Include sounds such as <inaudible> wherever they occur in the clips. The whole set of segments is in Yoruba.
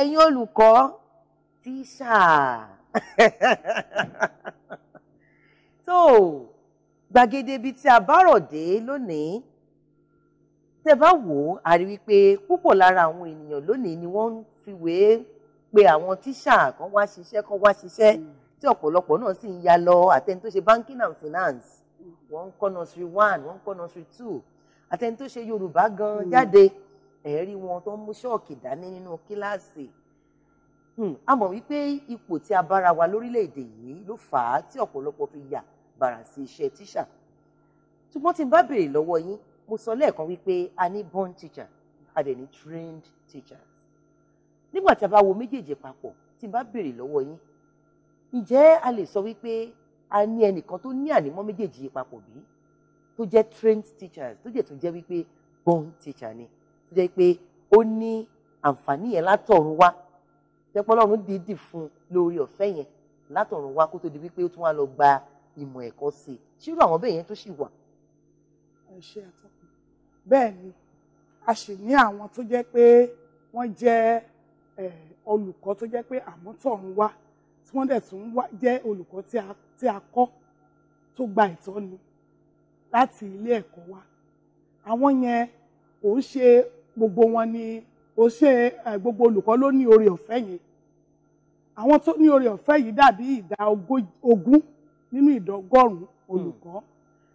ẹ̀yin olùkọ́ tíṣà tó <laughs> gbàgede ibi tí a bá rọ̀ dé lónìí tẹ bá wò ó a rí wípé púpọ̀ lára àwọn ènìyàn lónìí ni wọ́n ń fiwé pé àwọn tíṣà kan wá ṣiṣẹ́ kan wá ṣiṣẹ́ mm. tí ọ̀pọ̀lọpọ̀ náà sì ń ya lọ àtẹni tó ṣe banking and finance mm. wọ́n ń kọ́ nursery one wọ́n ń kọ́ nursery two àtẹni tó ṣe Yorùbá gan mm. jáde. Mm ẹ̀ rí wọn tó ń mú ṣọ́ọ̀kì dání nínú kíláàsì hmm, a mọ̀ wípé ipò tí a bára wa lórílẹ̀‐èdè yìí ló fà á tí ọ̀pọ̀lọpọ̀ fi yà bàrà sí iṣẹ́ tíṣà ṣùgbọ́n tí n bá béèrè lọ́wọ́ yín mo sọ lẹ́ẹ̀kan wípé a ní born teacher a dẹ̀ ní trained teachers nígbà tí a bá wo méjèèjì papọ̀ tí n bá béèrè lọ́wọ́ yín ǹjẹ́ a lè sọ wípé a ní ẹnìkan tó ní ànímọ́ méjèèjì papọ̀ bí tó jẹ́ trained teachers tó jẹ́ tó jẹ́ wípé born teacher ni jẹ́ pé ó ní àǹfààní yẹn látọ̀run wá jẹ́pọ́ Ọlọ́run dìídì fún un lórí ọ̀fẹ́ yẹn látọ̀run wá kó tó di wípé ó tún wá lọ gba ìmọ̀ ẹ̀kọ́ sí i ṣírò àwọn bẹ́ẹ̀ yẹn tó ṣì wà. bẹ́ẹ̀ ni a sì ní àwọn tó jẹ́ pé wọ́n jẹ́ olùkọ́ tó jẹ́ pé àmútọ̀run wá tí wọ́n dẹ̀ tún jẹ́ olùkọ́ tí a kọ́ tó gba ìtọ́ni láti ilé ẹ̀kọ́ wa àwọn yẹn kò ń ṣe gbogbo wọn ni ó ṣe gbogbo olùkọ́ ló ní oore ọ̀fẹ́ yẹn àwọn tó ní oore ọ̀fẹ́ yìí dàbí ìdá ogún nínú ìdá ọgọ́rùn-ún hmm. olùkọ́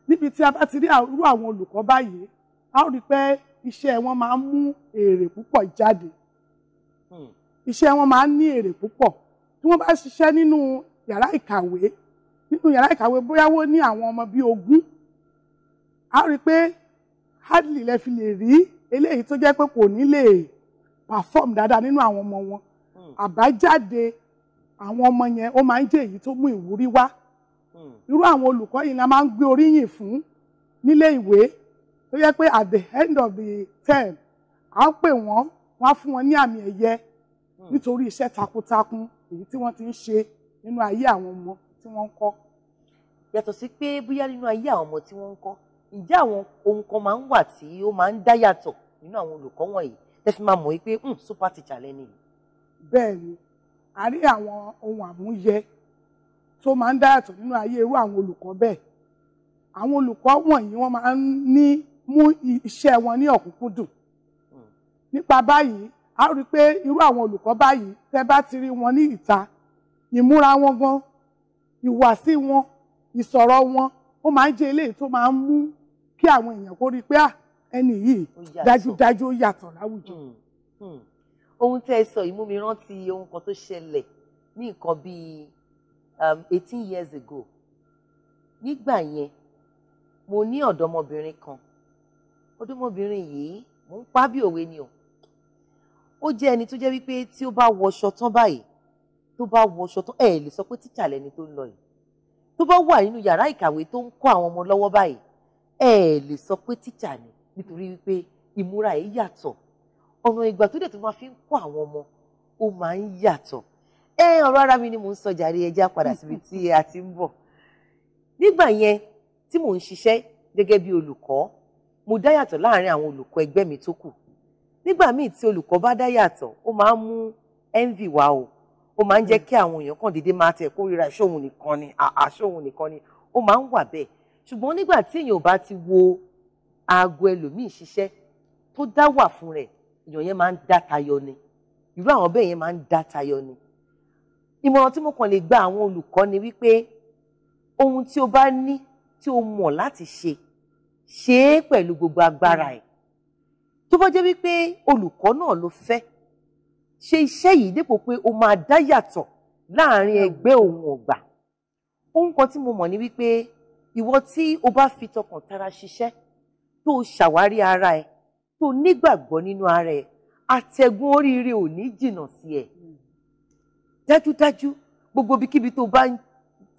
níbi tí a bá ti rí irú àwọn olùkọ́ báyìí a ó rí pé iṣẹ́ wọn máa ń mú èrè púpọ̀ jáde hmm. iṣẹ́ wọn máa ń ní èrè púpọ̀ tí wọ́n bá ṣiṣẹ́ nínú yàrá ìkàwé nínú yàrá ìkàwé bóyá wọ́n ní àwọn ọmọ bíi ogún a rí pé hardly lè fi lè rí eléyìí tó jẹ́ pé kò ní lè perform dáadáa nínú àwọn ọmọ wọn hmm. àbájáde àwọn ọmọ yẹn ó máa ń jẹ́ èyí tó mú ìwúrí wá hmm. irú àwọn olùkọ́ yìí la máa ń gbé oríyìn fún nílé ìwé tó yẹ pé at the end of the term à pè wọ́n wọ́n fún wọn ní àmì ẹ̀yẹ hmm. nítorí iṣẹ́ takuntakun èyí tí wọ́n ti ń ṣe nínú ayé àwọn ọmọ tí wọ́n ń kọ́. yàtọ̀ sí pé bóyá nínú ayé àwọn ọmọ tí wọ́n ń kọ́ ǹjẹ́ àwọn ohun kan máa ń wà tí ó máa ń dá yàtọ̀ nínú àwọn olùkọ́ wọ̀nyí tẹ́ máa mọ̀ wípé hmm, super teacher lẹ́nu yìí. bẹ́ẹ̀ ni a rí àwọn ohun àmúyẹ tó máa ń dá yàtọ̀ nínú ayé irú àwọn olùkọ́ bẹ́ẹ̀ àwọn olùkọ́ wọ̀nyí wọ́n máa ń ní mú iṣẹ́ wọn ní ọ̀kúnkúndùn hmm. nípa báyìí a rí i pé irú àwọn olùkọ́ báyìí tẹ́ bá ti rí wọn ní ìta ìmúra wọn gan ìhùwàsí wọn ìsọ̀rọ̀ wọn ó máa ń jẹ́ eléyìí tó máa ń mú kí àwọn èèyàn kó rí i pé ah, ẹni yìí dájúdájú ó yàtọ̀ láwùjọ. Hmm, hmm. ohun tẹ́ ẹ sọ yìí mú mi rántí ohun kan tó ṣẹlẹ̀ ní nǹkan bíi um, eighteen years ago nígbà yẹn mo ní ọ̀dọ́mọbìnrin kan ọ̀dọ́mọbìnrin yìí mò ń pa bí òwe ni o ó jẹ́ ẹni tó jẹ́ wípé tí ó bá wọṣọ tán báyìí tó bá wọṣọ tán ẹ̀ lè sọ pé tíṣà lẹni tó ń lọ yìí tó bá wà nínú yàrá ìkàwé tó ń kọ́ àwọn ọmọ lọ́wọ́ báyìí ẹ lè sọ pé tíṣà ni nítorí wípé ìmúra ẹ̀ yàtọ̀ ọ̀nà ìgbà tó dẹ̀ tó máa fi ń kọ́ àwọn ọmọ ó máa ń yàtọ̀ ẹ ọ̀rọ̀ ara mi ni mò ń sọ jàre ẹja padà síbi tí a ti ń bọ̀ nígbà yẹn tí mò ń ṣiṣẹ́ gẹ́gẹ́ bí olùkọ́ mo dá yàtọ̀ láàrin àwọn olùkọ́ ẹgbẹ́ mi tó kù nígbà míì tí olùkọ́ bá dá yàtọ̀ ó máa ń mú envy wá o ó máa ń jẹ́ kí àwọn èèyàn kàn déédéé máa tẹ̀ kórìíra ṣóhun nìkan ni àṣóhun nìkan ni ó máa ń wà bẹ́ẹ̀ ṣùgbọ́n nígbà tí èèyàn ò bá ti wo aago ẹlòmíì ṣiṣẹ́ tó dá wà fún rẹ̀ èèyàn yẹn máa ń dá tayọ ni irú àwọn bẹ́ẹ̀ yẹn máa ń dá tayọ ni ìmọ̀ràn tí mo kàn lè gba àwọn olùkọ́ ni wípé ohun tí o bá ní tí o mọ̀ láti ṣe ṣe é pẹ̀lú gbogbo agbára ẹ̀ tó bá jẹ́ wípé olùkọ́ náà ló fẹ́ ṣe iṣẹ́ yìí dípò pé o máa dá yàtọ̀ láàrin ẹgbẹ́ òun ọ̀gbà ohun kan tí mo mọ̀ ni wípé ìwọ tí o bá fi tọkàn tara ṣiṣẹ́ tó ṣàwárí ara ẹ tó nígbàgbọ́ nínú ara ẹ àtẹ̀gùn oríire ò ní jìnnà sí ẹ dájúdájú gbogbo ibikíbi tó bá ń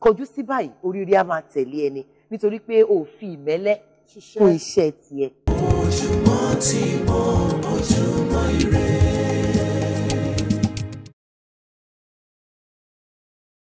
kọjú sí báyìí oríire á máa tẹ̀lé ẹni nítorí pé o fi ìmẹ́lẹ́ kún iṣẹ́ tiẹ̀. ojúmọ́ ti mọ́ ire.